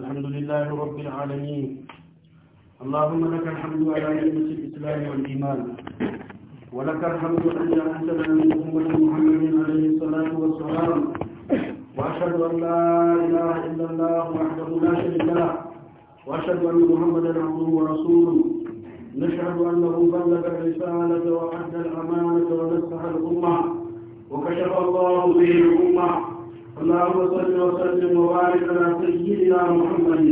الحمد لله رب العالمين اللهم لك الحمد على نعمة الإسلام والإيمان ولك الحمد أن أنزلنا من أمة محمد عليه الصلاة والسلام وأشهد أن لا إله إلا الله وحده لا شريك له وأشهد أن محمدا عبده ورسوله نشهد أنه بلغ الرسالة وأدى الأمانة ونصح الأمة وكشف الله به الأمة اللهم صل وسلم وبارك على سيدنا محمد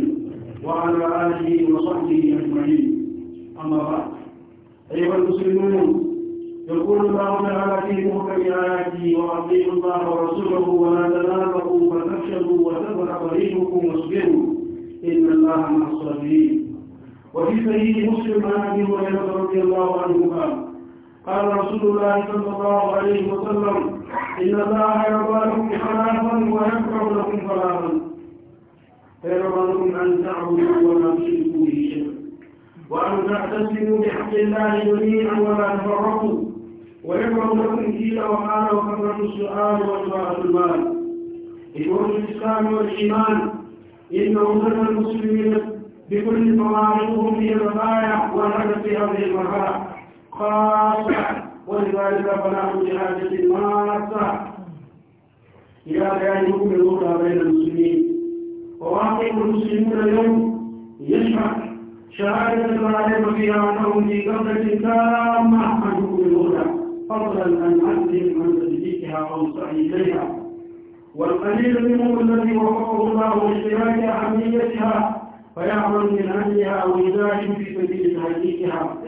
وعلى اله وصحبه اجمعين اما بعد ايها المسلمون يقول الله تعالى في محكم اياته واطيعوا الله ورسوله ولا تنافقوا فتفشلوا وتفرح ريحكم واصبروا ان الله مع الصابرين وفي سيد مسلم عن ابي هريره رضي الله عنه قال قال رسول الله صلى الله عليه وسلم إن الله يرضى لكم صلاة ويكره لكم صلاة فيرضى لكم أن تعبدوا ولا تشركوا به شيئا وأن تعتصموا بحق الله جميعا ولا تفرقوا ويكره لكم قيل وقال وكثرة السؤال وإضاعة المال إخوة الإسلام والإيمان إنه أمة المسلمين بكل طوائفهم في الغاية والهدف في هذه المرحلة خاصة ولذلك فنحن بحاجة ماسة إلى بيان حكم الأخرى بين المسلمين وواقع المسلمون اليوم يشهد شهادة العالم فيها أنهم في غفلة تامة عن حكم الأخرى فضلا عن عدلهم عن تدقيقها أو تأييدها والقليل منهم الذي وفقه الله لاشتراك أهميتها فيعمل من أهلها ويجاهد في سبيل تحقيقها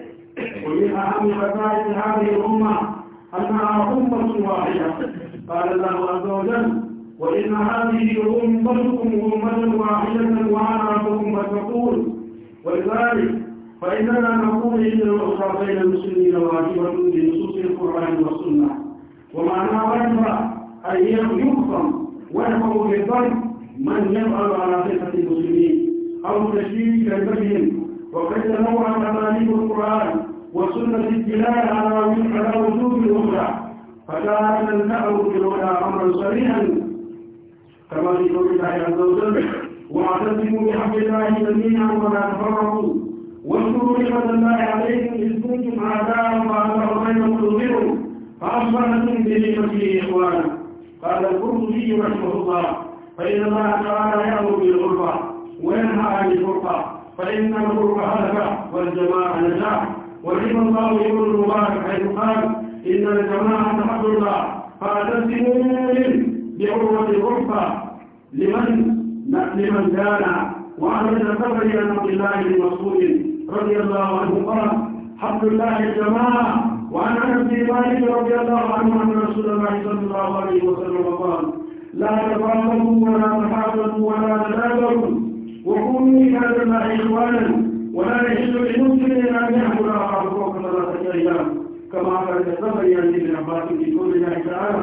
ومن أهم خصائص هذه الأمة أنها أمة واحدة قال الله عز وجل وإن هذه أمتكم أمة واحدة وأنا ربكم فاتقون ولذلك فإننا نقول إن الأسرة بين المسلمين واجبة بنصوص القرآن والسنة ومعناها واجبة أن يحكم ويحكم بالضرب من يفعل على صفة المسلمين أو تشديد كلمتهم وقد تنوع أساليب القرآن وسنة الدلالة على وجوب الأخرى فكان تنفعه بالأولى أمرا صريحا كما في قول الله عز وجل واعتصموا بحق الله جميعا ولا تفرقوا واذكروا نعمة الله عليكم إذ كنتم أعداء وأعداء بينكم تظهرون فأصبحتم بنعمته إخوانا قال القرطبي رحمه الله فإن الله تعالى يأمر بالغربة وينهى عن الفرقة فإن الغربة هلكة والجماعة نجاح ورحم الله يقول المبارك حيث قال إن الجماعة حق الله فاعتصموا بعروة الغرفة لمن لمن كان وعن السفر عن عبد الله بن مسعود رضي الله عنه قال حق الله الجماعة وعن انس بن مالك رضي الله عنه ان رسول الله صلى الله عليه وسلم قال لا تفاهموا ولا تحاسبوا ولا تنازعوا وكونوا عباد الله اخوانا ولا يحل لمسلم ان يعبد اخاه فوق ثلاثه ايام كما قال الزهري عن ابن عباس في قول الله تعالى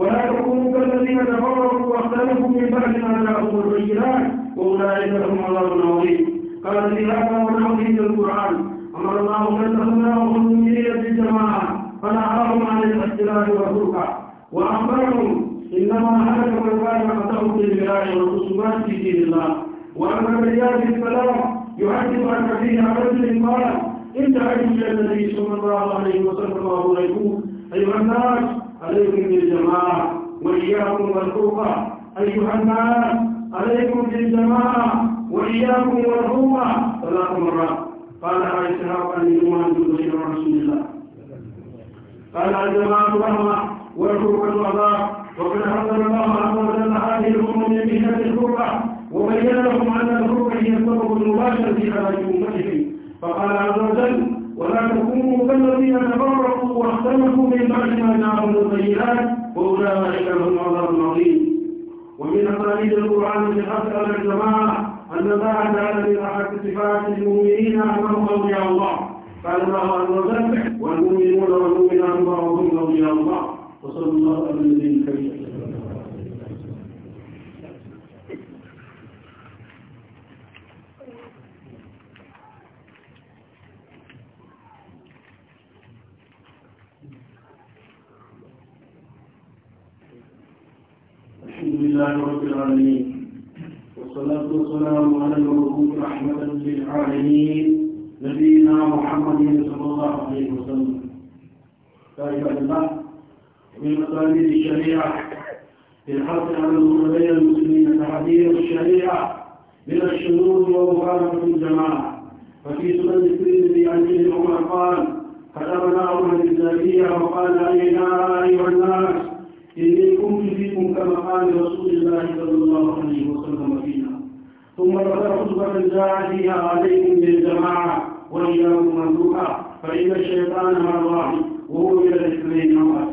ولا تكونوا كالذين تفرقوا واختلفوا من بعد ما جاءهم البينات واولئك لهم عذاب عظيم قال في هذا ونحوه من القران امر الله من تخلاه الامنيه بالجماعه فنهاهم عن الاختلاف والفرقه واخبرهم انما هلك من كان قطعه بالبلاء والخصومات في دين الله وان الرجال في السلام يعذب أن فيها رجل قال انت تعلم إلى النبي صلى الله عليه وسلم وهو يقول أيها الناس عليكم بالجماعة وإياكم والفرقة أيها الناس عليكم بالجماعة وإياكم والفرقة ثلاث مرات قال عائشة عن الإمام بن رسول الله قال الجماعة رحمة والفرقة عذاب وقد حضر الله عز وجل هذه الأمم بمهنة الفرقة وبين لهم أن الخروج هي السبب المباشر في حياة أمتهم فقال عز وجل ولا تكونوا كالذين تفرقوا واختلفوا من بعد ما جاءهم الطيبات وأولئك لهم عذاب عظيم ومن اقاليد القرآن في حث على الجماعة أن الله تعالى من أحد صفات المؤمنين أنهم أولياء الله قال الله عز وجل والمؤمنون والمؤمنات بعضهم أولياء الله وصلى الله على النبي الكريم لله رب العالمين والصلاة والسلام على المبعوث رحمة للعالمين نبينا محمد صلى الله عليه وسلم فعباد الله من مقاليد الشريعة للحرص على المتبين المسلمين تحذير الشريعة من الشذوذ ومخالفة الجماعة ففي سنن الترمذي عن سيدنا عمر قال كتبنا عمر الزاكية وقال أيها الناس إليكم فيكم كما قال رسول الله صلى الله عليه وسلم فينا ثم ذكر خطبة جاء فيها عليكم للجماعة وإياكم مملوكا فإن الشيطان مع الواحد وهو إلى الاثنين أمر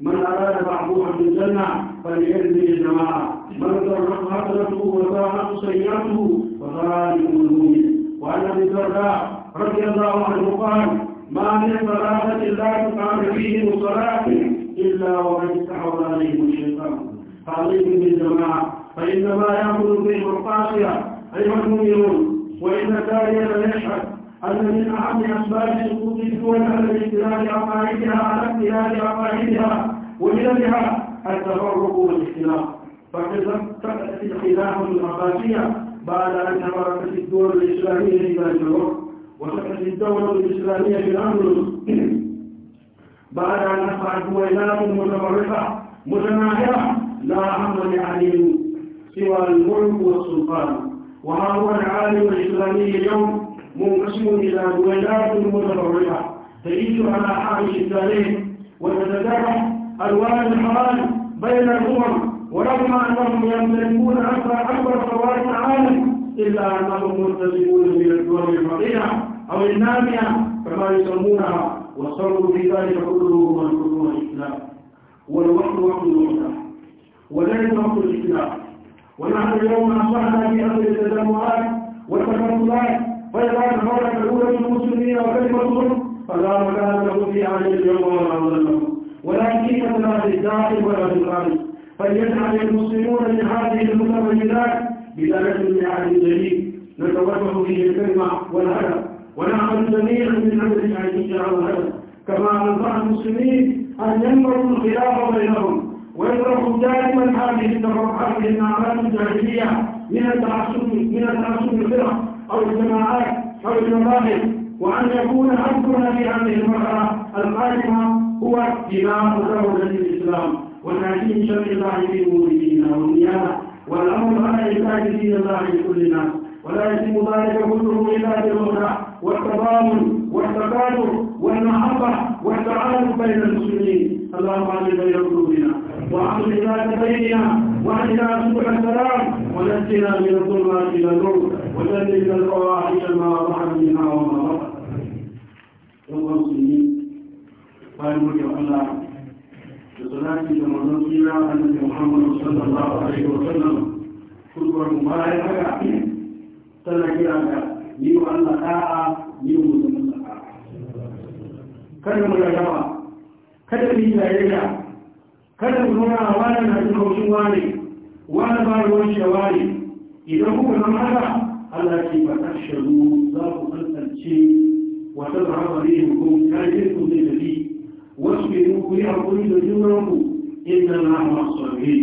من أراد بعضها في الجنة فليأذن الجماعة من ترك حسنته وساءت سيئته فذلك المؤمن وعن أبي الدرداء رضي الله عنه قال ما من صلاة لا تقام فيه صلاة إلا ومن استحوذ عليهم الشيطان فعليكم بالجماعة فإنما يأخذ فيهم القاسية أيها المؤمنون وإن التاريخ يشهد أن من أهم أسباب سقوط الدول على الاختلاف عقائدها على اختلاف عقائدها وجلدها التفرق والاختلاف فقد الخلاف العباسية بعد أن تفرقت الدول الإسلامية إلى الجنوب وتأتي الدولة الإسلامية في الأندلس بعد أن نفعت ويلات متفرقة متناهرة لا أمر لعليم سوى الملك والسلطان وها هو العالم الإسلامي اليوم منقسم إلى ويلات متفرقة تعيش على حال التاريخ وتتدرج ألوان الحرام بين الأمم ورغم أنهم يمتلكون أكبر أكبر ثروات العالم إلا أنهم ملتزمون الدول الفقيرة أو النامية كما يسمونها وصاروا في ذلك كله من الإسلام والوحد وحد الوحدة وذلك وحد الإسلام ونحن اليوم أصبحنا في أمر التجمعات والتفضلات فإذا تفرق الأولى من المسلمين وكلمتهم فلا مكان له في عهد اليوم ولا ظلم ولا كيمة لا في الداخل ولا في الخارج فليجعل المسلمون من هذه المتميزات بدرجة من عهد جديد نتوجه فيه الكلمة والهدف ونعم جميعا من عمل عيسى وهذا كما أنفع المسلمين أن ينظروا الخلاف بينهم ويضربوا دائما هذه هذه اعمال الجاهلية من التعصب من التعصب الفرق أو الجماعات أو المذاهب وأن يكون حقنا في هذه المرحلة القادمة هو دماء دولة الإسلام وتعليم شرع الله في مولدينا وميانا والأمر على إبادة دين الله الناس ولا يتم ذلك كله إلا بالهدى والتضامن والتكاثر والمحبة والتعاون بين المسلمين اللهم اعز بين قلوبنا واعطنا عباد بيننا واهدنا سبل السلام ونجنا من الظلمات الى النور وسلم الفواحش ما ظهر منها وما بطن Allah'a emanet olun. محمد صلى الله عليه وسلم شكرا Ni wa Allah da'a yi wa musulmin da'a kada mu rarraba kada mu yi tarayya kada mu nuna wani na jin haushin wani wani ba ruwan shawa ne idan kuka zama haka Allah ce ba ta sharu za ku tsantsance wata zahaba ne hukum kafin ku zai tafi wasu ke yi ku yi hakuri da junan ku inda na masu sabi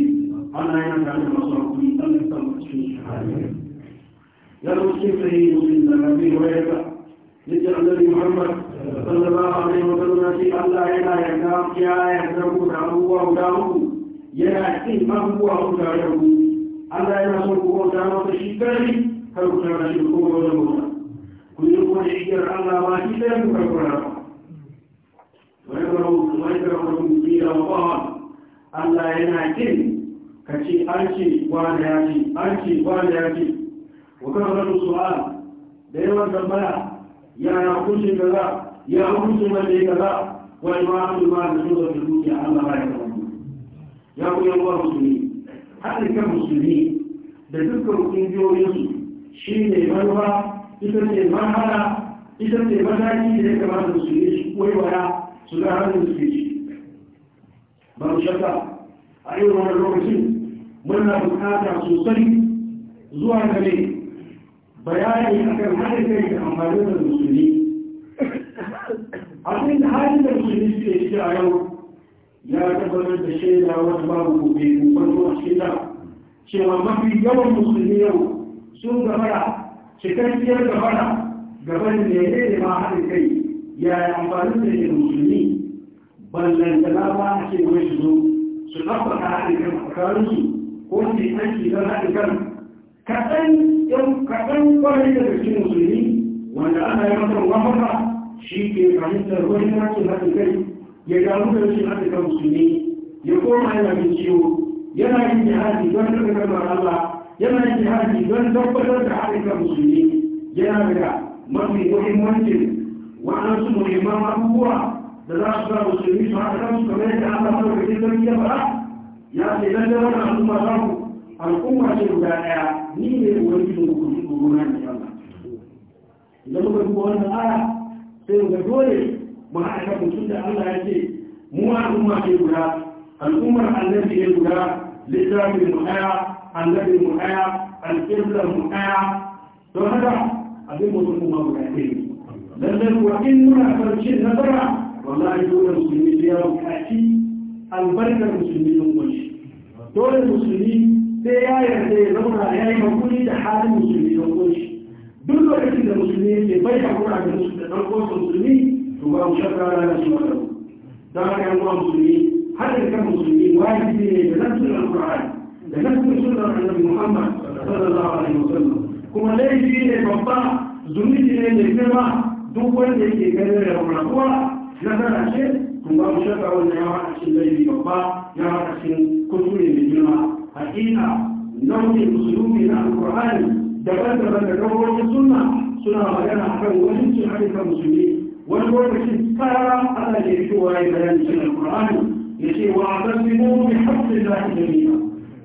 Allah yana tare da masu hakuri Allah ya ta cikin shi يروا صفره مسلم النبي ويبقى ذكر النبي محمد صلى الله عليه وسلم في الله لا ينام يا يحزبون هو هداه يأتي ما هو هداه الله ينصر هداه تشكري كالكرة الكبرى والموتى كل يوم يشكر الله واحدا يكبر ويكره ويكره في رمضان الله ينعكس كشي أنشي وأنا أنشي أنشي وأنا أنشي wakan rabu su'al da yawan tambaya yana hukuncin ka za ya hukuncin wanda ya kaza wani ma su ma da su zafi dukiya allah ba ya kama ya ku yan uwa musulmi haɗin kan musulmi da dukkan ƙungiyoyinsu shi ne manuwa ita ce manhala ita ce mataki da ya kamata musulmi su koyawa su ga hannun su ke ba mu a irin wannan lokacin muna buƙata sosai zuwa ga bayani akan haɗin kai da amfani da musulmi abin da hali da musulmi suke shi a yau ya tabbatar da shaida wata babu gobe kwanto a shaida cewa mafi yawan musulmi yau sun gabara cikakkiyar gabara gaban da ya ne ma haɗin kai ya amfani da ke musulmi ballantana ba a ce mai su zo su tabbata haɗin kan tsakaninsu ko su yi aiki don haɗin kan kaɗan yan kaɗan kwarai da cikin musulmi wanda ana yi masa wafaka shi ke fahimtar wani rashin haɗin kai ya gano da rashin haɗin kan musulmi ya koma yana bin ciwo yana yin jihadi don daga kalmar Allah yana yin jihadi don tabbatar da haɗin kan musulmi yana daga mafi muhimmancin wa'ansu muhimman abubuwa da za su sa musulmi su haɗa kansu kamar yadda Allah da wakilin sarki ya faɗa ya ce lallai wannan al'umma za ku al'umma ce guda ɗaya ni ne wani shi ku shi ku na ne Allah idan muka duba wannan aya sai mu ga dole mu haɗa kan mutum da Allah ya ce mu al'umma ke guda al'ummar annabi ne guda littafin mu ɗaya annabi mu ɗaya alƙiblar mu ɗaya don haka abin mutum kuma guda ɗaya ne lallai kuwa in muna farcin nasara wallahi dole musulmi ya buƙaci albarkar musulmi don kwanci dole musulmi sai ya yarda ya zauna ya yi hakuri da halin musulmi da kunshi duk lokacin da musulmi ke bai hakura da musulmi da ɗan kwansa musulmi to ba mu shakka rana shi wata ku don haka yan uwa musulmi haɗin kan musulmi wajibi ne da nan sunan Qur'ani da nan sunan Annabi Muhammad sallallahu alaihi wasallam kuma laifi ne babba zunubi ne mai girma duk wanda yake ganin da rabuwa na zara ce to ba mu shakka wannan ya haɗa cikin laifi babba ya haɗa cikin kuskure mai girma hakika nau'in sulubi na alkur'ani daban-daban da kawai suna suna magana akan wani cin harkar musulmi wani lokacin tsara ana ke fitowa ya bayani cin alkur'ani ya ce wa a san simo mai hafsin lafi da nina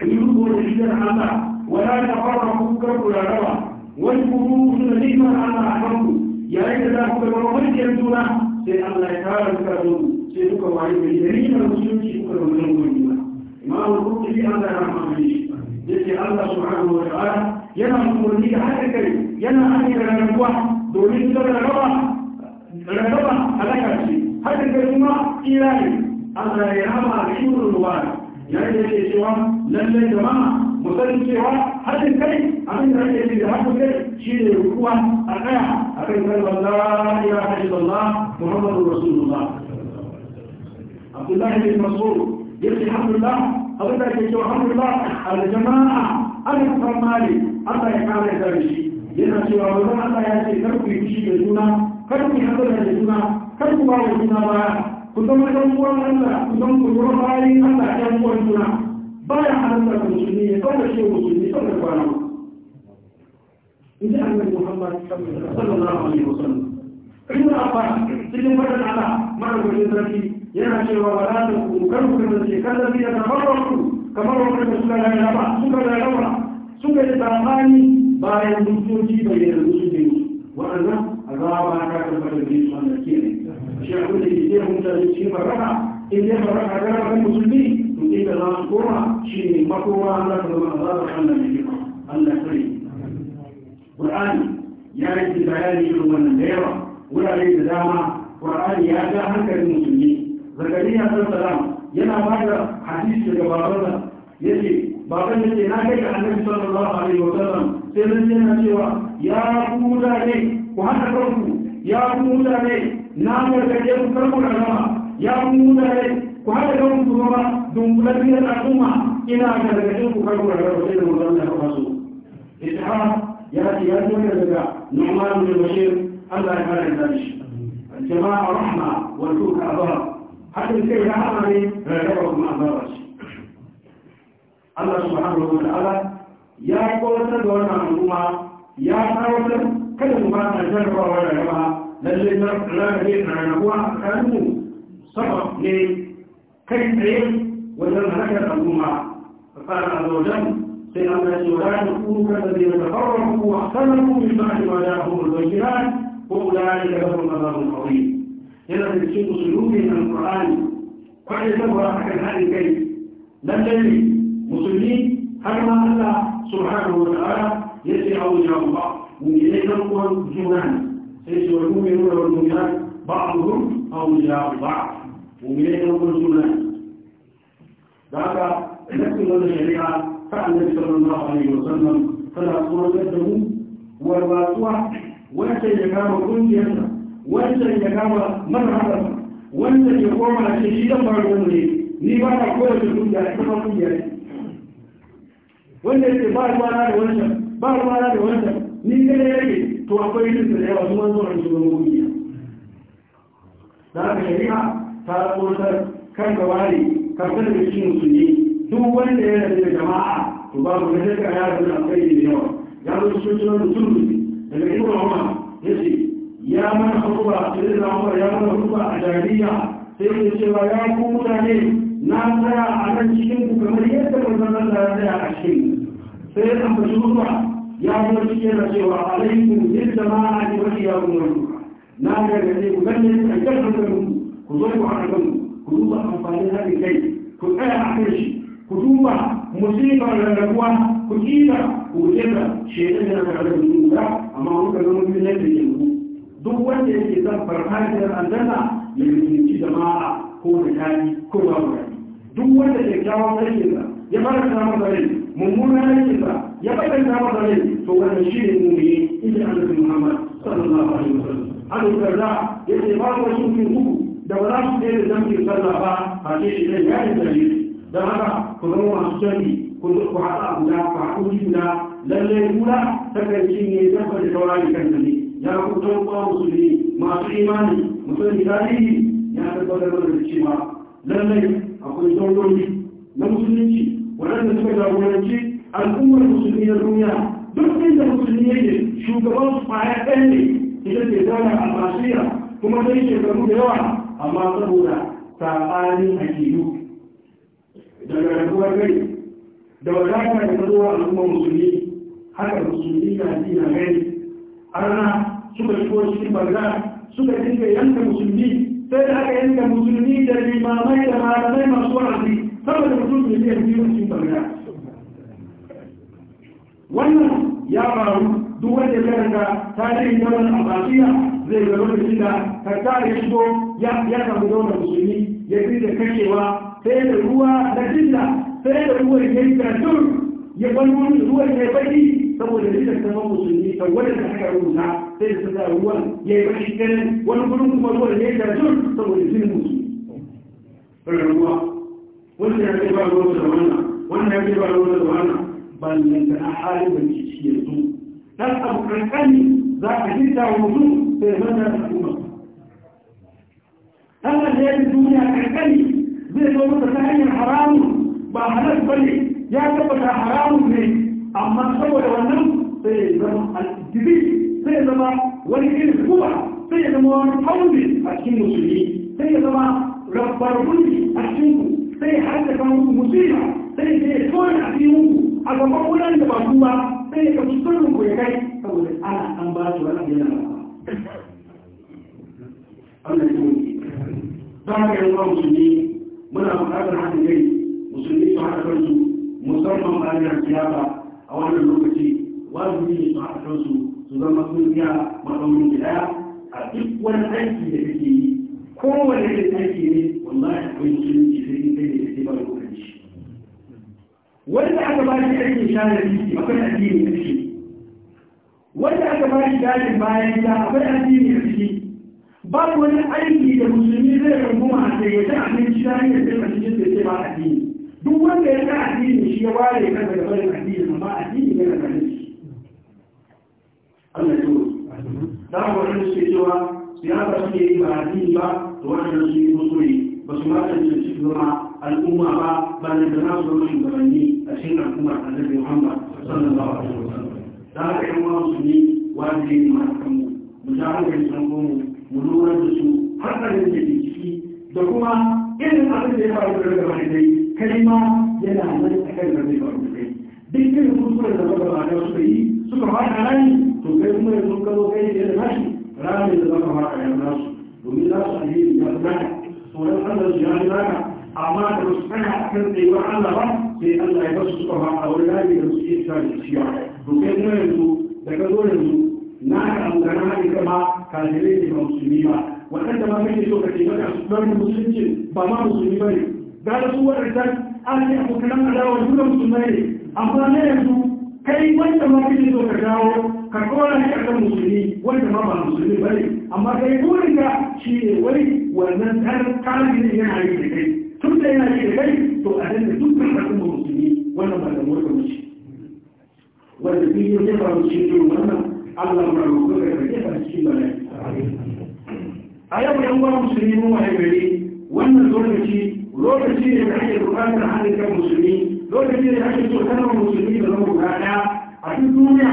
yi rubo da shigar hana wala ta fara kukar kurarawa wani kuru suna neman ana a kan ku yayin da za ku gaba wani juna sai allah ya tara duka zo sai duka wani mai yari na musulunci kuka zama zangon إمام القرطبي الله يرحمه يجي الله سبحانه وتعالى yana umarni da haɗa kai yana hanyar rarrabuwa domin ta rarraba rarraba halaka ce haɗa kai kuma tsira ne Allah ya rama a shirin ruwa ya yi da ke cewa lallai jama'a musamman cewa haɗin kai abin da ake yi da haɗin kai shi ne rukuwa a tsaya a kan kalmar la ilaha illallah muhammadu rasulullah abdullahi bin mas'ud يقول الحمد لله أبدا كيشو الحمد لله الجماعة أنا أفهم مالي الله يقال هذا الشيء yana cewa ba zan Allah ya ce kar ku yi fushi da juna kar ku yi hasara da juna kar ku ba wa juna baya ku zama ɗan uwan Allah ku zama ku zama bayan Allah ɗan uwan juna baya halatta ku musulmi ya kawo shi musulmi sau da kwana in ji annabi Muhammad sallallahu alaihi wasallam ibn Abbas cikin fadan Allah mara gwajin sarki يعني وراءه مكرم من الشكل الذي يتمرد كما هو على سورة الأنبياء على الأنبياء سورة الأنبياء باي المسجد باي المسجد وأنا الرابع كذا من الجيش من الكيل شعور الجيش من الجيش من الرابع إذا ما رأى كذا من المسجد من إذا لا سورة شيء ما هو أنا كذا من الرابع من الجيش من الكيل والآن يا رجال بيان يوم النبي ولا ليس دام القرآن يا جاهل المسلمين ya san salam yana ba da hadisi daga babansa ya ce baban ya ce na kai ga annabi sallallahu alaihi wa sallam sai zan yana cewa ya ku mutane ku hana kanku ya ku mutane na gargaje ku karku da rama ya ku mutane ku haɗa kanku ku rama dunkulanniyar al'umma ina gargaje ku karku da rama sai da mutum da kafa su ishaq ya ce ya zo daga nu'man bin bashir Allah ya kare da shi jama'a rahma wa tuka azab haɗin ya rahama ne rarraba kuma azaba shi Allah subhanahu wa ta'ala ya kawatar da wannan al'umma ya kawatar kada mu ba ta jarrabawa da rama lalle na rarrabe rarrabuwa a tsakaninmu sabab ne kai tsaye wajen harkar al'umma فقال عز وجل في أن ولا يكون كالذين تفرقوا واختلفوا من بعد ما da البينات وأولئك لهم عذاب عظيم يلقي بسوط سلوكي من القرآن فعلي سبوا أحكم هذه الكيف لم تجري مسلمين حكم الله سبحانه وتعالى يسعى وجه بعض ومن إليه نقوى جنان سيسوى المؤمنون والمؤمنات بعضهم أو جاء بعض ومن إليه نقوى جنان ذاك نكتب هذا الشريعة فعل النبي صلى الله عليه وسلم فلا صورة قدمه ولا صورة وانت شيء كان كل wancan ya kama marhabar wancan ya koma na ce shi dan ba ruwan ne ni ba na kowace kungiya ita ma kungiya ne wanda yake ba ruwana da wancan ba ruwana da wancan ni kada yake to akwai yin da yawa kuma zuwa shugaban kungiya da aka shari'a ta tsotar kan gawari kafin da shi musulmi duk wanda ya rabu da jama'a to ba mu da ya rabu da akwai da yawa ya zo cikin sunan da turmi daga ibn umar ce. يا من حروبا سيدنا عمر يا من حروبا أجابية سيد الشيخ يا كوتاني ناسا على الشيخين كمان يدفع من الله يا أشيخين سيد أم بشروبا يا من الشيخين أشيوا عليكم للجماعة وليا أمورا ناجا يدفع من الله أجابكم كذلك عنكم كذوبا أفعالها لكي كذلك أحمش كذوبا مصيبة للنقوة كذيبا كذيبا شيئا لكي أمورا أمورا كذلك أمورا كذلك أمورا duk wanda yake zan farfajiyar aljanna ya mutunci jama'a ko da kani ko ba mu duk wanda ke kyawun aikinsa ya faranta masa rai mummunan aikinsa ya faranta masa rai to wannan shi ne mumini inda annabi Muhammad sallallahu alaihi wasallam Abu Darda yace ba wa shukin uku da ba za su da zamkin sallah ba a ce shi ne ya yi dalili don haka ku zama masu sani ku haɗa guda ku haɗu guda lallai guda ta kan cinye dafa da taurari kan dalili ya kutan kwa musulmi masu imani musulmi tarihi ya tabbatar da cewa lallai akwai sauroni na musulunci waɗanda suka jagoranci al'ummar musulmi na duniya duk inda musulmi yake shugaban su kwaya ɗaya ne ita ke zana albasira kuma sai shekaru da yawa amma saboda saɓanin akidu daga rabuwar gari da wadata da ta zuwa al'ummar musulmi haka musulmi na na gani arna suka shigo cikin barza suka dinga yanka musulmi sai da aka yanka musulmi da limamai da malamai masu wa'azi saboda mutum da zai biyu cikin barza wannan ya faru duk wanda ya rika tarihin yawan abasiya zai zama da shi da karta ya shigo ya samu daular musulmi ya fi da kashewa sai da ruwa na jinda sai da ruwan ya yi ya kwallo ruwan ya baki saboda duk da zama musulmi tawadar da aka rubuta sai da sassa ruwan ya yi bashi ganin wani gudun kuma ruwan ya yi tarjun saboda jinin musu ruwa wanda ya ce ba ruwan da wannan wanda ya ce ba ruwan da wannan ba ballan da na halin da ke ciki yanzu dan abu kankani za a hinta ta mutum sai ya zanta da al'umma Allah da ya yi duniya kankani zai zo masa ta hanyar haramun ba halar bane ya tabbata haramun ne amma saboda wannan sai ya zama aljibi sai ya zama wani irin kuma sai ya zama wani hauli a cikin musulmi sai ya zama rabbar kulli a cikin ku sai ya haɗa kan musulma sai ya tsoye a cikin ku a gaban wurin da ba kuma sai ya kasu sirrin ku ya kai saboda ana an ba su wani yana ba Allah ya yi don musulmi muna buƙatar hakan kai musulmi su haɗa kansu musamman bayan siyasa a wannan lokaci wajibi ne su haɗa kansu su zama sun iya maɗaurin gida a duk wani aiki da kake yi kowane irin aiki ne wallahi akwai musulunci sai in kai da kake ba da kuɗin shi wanda aka ba shi aikin share titi akwai addini a ciki wanda aka ba shi bayan gida akwai addini a ciki babu wani aiki da musulmi zai runguma a sai ya ci abinci ta da sai a cikin da ke ba addini duk wanda ya san addini shi ya ware kan da barin addini amma addini yana da shi Allah ya da ku wani suke cewa su suke yi ba addini ba to wannan su yi kuskure ba su ma cikin zama al'umma ba ba da zama su zama shugabanni a cikin al'umma annabi Muhammad sallallahu alaihi wasallam da haka yan uwa musulmi wajibi ne ma kanmu mu ja hankali san mu mu lura da su har da yake da kuma irin abin da ya faru da daga mahaifai kai ma yana nan a kan da zai faru da kai duk irin kuskuren da daga mahaifai suka yi suka fara rani to kai kuma yanzu ka zo kai da nashi rani da zaka fara yan nasu domin za su alheri ya fi naka tsoron Allah su ya fi naka amma da su tsaya a kan tsayuwar Allah ba sai Allah ya basu suka fara a wani rani da su iya cewa da ciya to kai kuma yanzu da ka zo yanzu na ka amgana ne kama kajirai ne ba musulmi ba waɗanda ba kake so ka ke maka don musulunci ba ma musulmi ba ne da su waɗanda an yi abokanan adawa duka musulmai ne amma na yanzu kai wanda ma kake so ka dawo ka kora shi akan musulmi wanda ma ba musulmi ba ne amma kai burin ka shi ne wai wannan tarihi ne yana yi da kai tun da yana yi da kai to a danna dukkan kasan musulmi wannan ba da motsa mace wanda duk ya faru shi ne wannan Allah ma roƙo ka ka jefa cikin bala'i a yau yan uwa musulmi mun waye gari wannan lokaci lokaci ne da ake bukatar haɗin kan musulmi lokaci ne da ake so kanar musulmi da zama guda ɗaya a duk duniya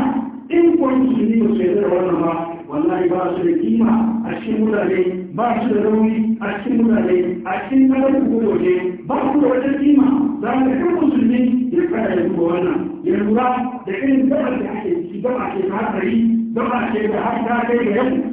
in kuwa musulmi ba su yarda da wannan ba wallahi ba su da kima a cikin mutane ba su da rauni a cikin mutane a cikin kasar ku waje ba su da wata kima za ka kan musulmi ya kada ya duba wannan ya lura da irin gabar da ake ciki gaba ke da hatsari gaba ke da har ta kai ga yau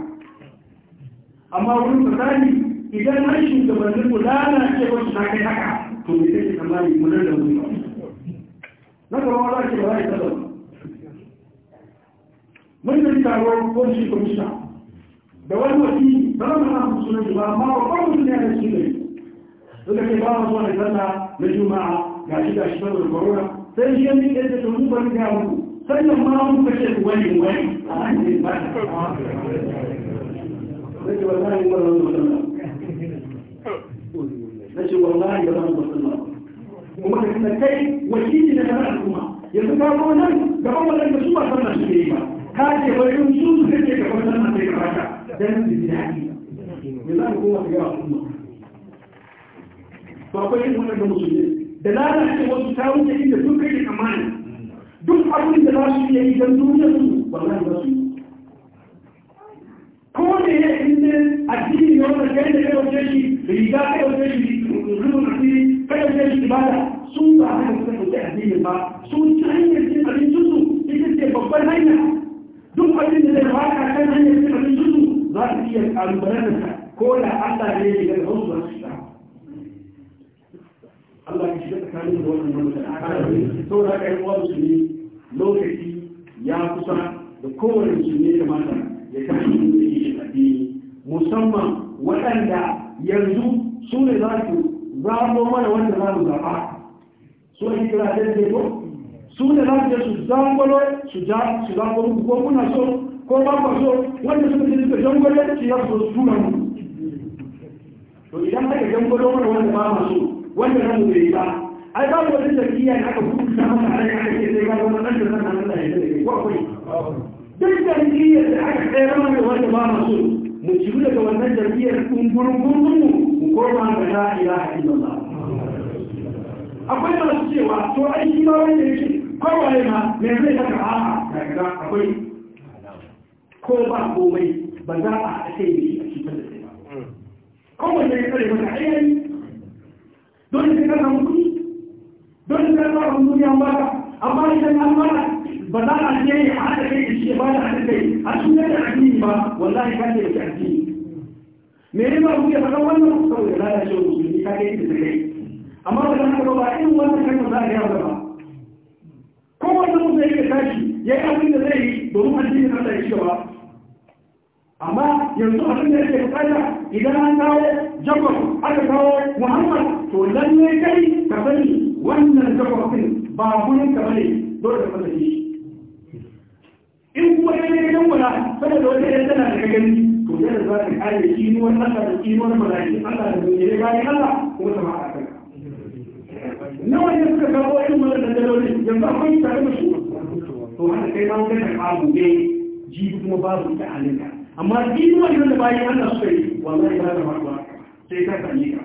amma wurin misali idan har shugabannin ku lalace wacce na kai haka to me take tsammani ku nan da wuri na gaba za ki ba ya tsaro mun yi taro ko shi komishina da wani wasi ba mu na sunan shi ba amma ba mu ne da shi ne da ke ba mu zuwa da sallah na juma'a ga shi ga shi saboda corona sai shi yanzu ke da tuni bari da mu sannan ma mun kashe wani wani a hannun ba take wallahi ba zan zo sallah nace wallahi ba zan zo sallah kuma da kuma kai wakili na kana al'umma yanzu ka zo nan gaban wannan da su ba sallah suke yi ba ka ce wai in su su take gaban sallah na ka baka dan su ji dadi me za ku kuma ga al'umma ba akwai yin wannan da musulmi da lalace wasu ta wuce inda sun kai amana duk abin da za su iya yi don duniya su wallahi ba su ko ne cikin addini ne wannan kai da riga kai wajen shi rubun asiri kai wajen shi ibada su ba haka ba su ci hanyar cin abincin su ita ce babban hanya duk abin da zai baka kan hanyar cin abincin su za su iya kalubalansa ko da Allah ne ya shiga da wasu za su Allah ya tsakanin da wannan mutane saboda kai uwa musulmi ya kusa da kowane musulmi ya ya musamman waɗanda yanzu su ne za su zaɓo mana wanda za mu zaɓa su ne kira daidai ko su ne za su je su zaɓo su zaɓo muku ko kuna so ko ba ku so wanda suka ji suka jangole su ya so su na mu to idan aka jangolo mana wanda ba ma so wanda za mu bai ba ai ba mu wani tafiya da aka kuɗi ta masa a aka ce sai ga wani ɗan da zan hannun da ya ko akwai duk da niyyar da aka tsayar mana wanda ba ma so mu ci daga wannan jam'iyyar kungurin gungunmu mu koma ga la ilaha illallah akwai masu cewa to ai shi ma wanda yake kowaye ma me zai saka a daga akwai ko ba komai ba za a ake yi a cikin da sai kowace ya tsare mata ayyari dole sai ka samu kuɗi dole sai ka samu kuɗi an baka amma idan an baka ba za a ce ya haɗa kai ya bada haɗa a cikin da addini ba wallahi ka ce da addini me ne ba kuke faɗa wannan saboda lalacewa musulmi ka kai da kai amma ba za ka ba irin wannan za a ba tashi ya yi abin da zai yi domin addinin Allah ya ci amma yanzu abin da yake bukata idan an kawo jabar aka kawo muhammad to lalle kai ka sani wannan jabar ba gurin ka bane dole ka sani in kuma ya ne kan wala saboda wata yan tana da gani to yana za ta kare shi ne wannan Allah da shi ne wannan da shi ne bayan Allah kuma ta ma a kan nawa ne suka kawo irin wannan dalolin yanzu akwai tare da su to haka kai ma wannan abu ne ji kuma babu ta halinka amma duk wannan da bayan Allah suka yi wallahi ba da farko sai ka sani ka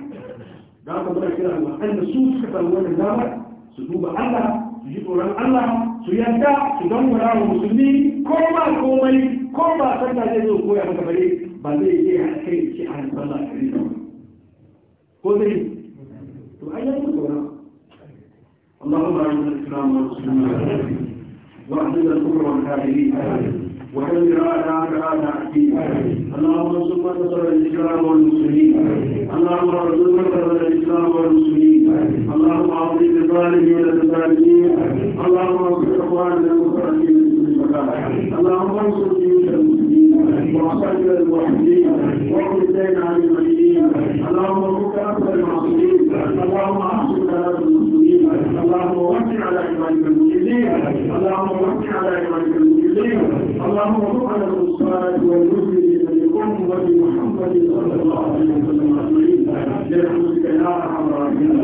da haka muna kira ga waɗanda su suka samu wannan damar su duba Allah su ji tsoron Allah su yarda su don mura wa musulmi ko ba komai ko ba sallah zai zo koya maka bare ba zai iya a kai ce a yin sallah a ko zai to an yi mutu wani اللهم اعز الاسلام والمسلمين واحمد الكفر والكافرين وحذرنا كما تحكيم اللهم ارزقنا نصر الاسلام والمسلمين اللهم ارزقنا نصر الاسلام والمسلمين اللهم اعطي للظالمين للظالمين اللهم اغفر اخواننا المسلمين في كل مكان اللهم انصر جيوش المسلمين وصل للمحسنين وحسين على المدينين اللهم بك اكثر المعصومين اللهم احسن ثلاث المسلمين اللهم وسع على عبادك المسلمين اللهم وسع على عبادك المسلمين اللهم بك على المصلاه والمسلمين محمد صلى الله عليه وسلم اجمعين برحمتك يا ارحم الراحمين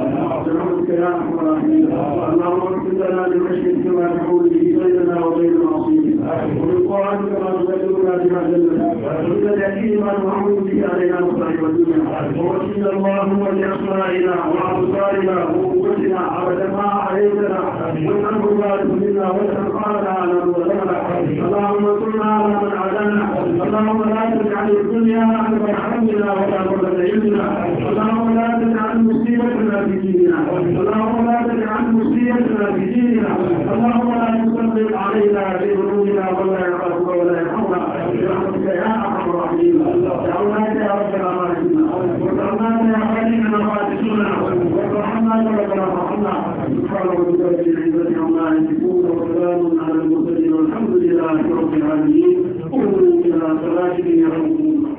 برحمتك يا ارحم الراحمين اللهم اغفر لنا بمشيئتك ما تحول به بيننا وبين معصيتك وبالقران كما تبلغنا بما جلتك وباليقين ما نعود به علينا مصائب الدنيا ووكلنا اللهم لاسمائنا وابصارنا وقوتنا ابدا ما عليتنا واجعله لا تهلنا وتنقانا على من ظلمنا اللهم انصرنا على من عادانا اللهم لا تجعل الدنيا ولا حولنا ولا قوة إلا اللهم لا تجعل مصيبتنا في ديننا اللهم لا تجعل مصيبتنا في ديننا اللهم لا تسلط علينا في بذنوبنا ولا يعافك ولا يرحمنا برحمتك يا أرحم الراحمين دعوناك يا رب العالمين وارحمنا يا خالقنا فاتحنا وارحمنا يا ربنا رحمنا سبحان ربك رب العزة عما يصفون وسلام على المرسلين والحمد لله رب العالمين كونوا من الراشدين يرحمكم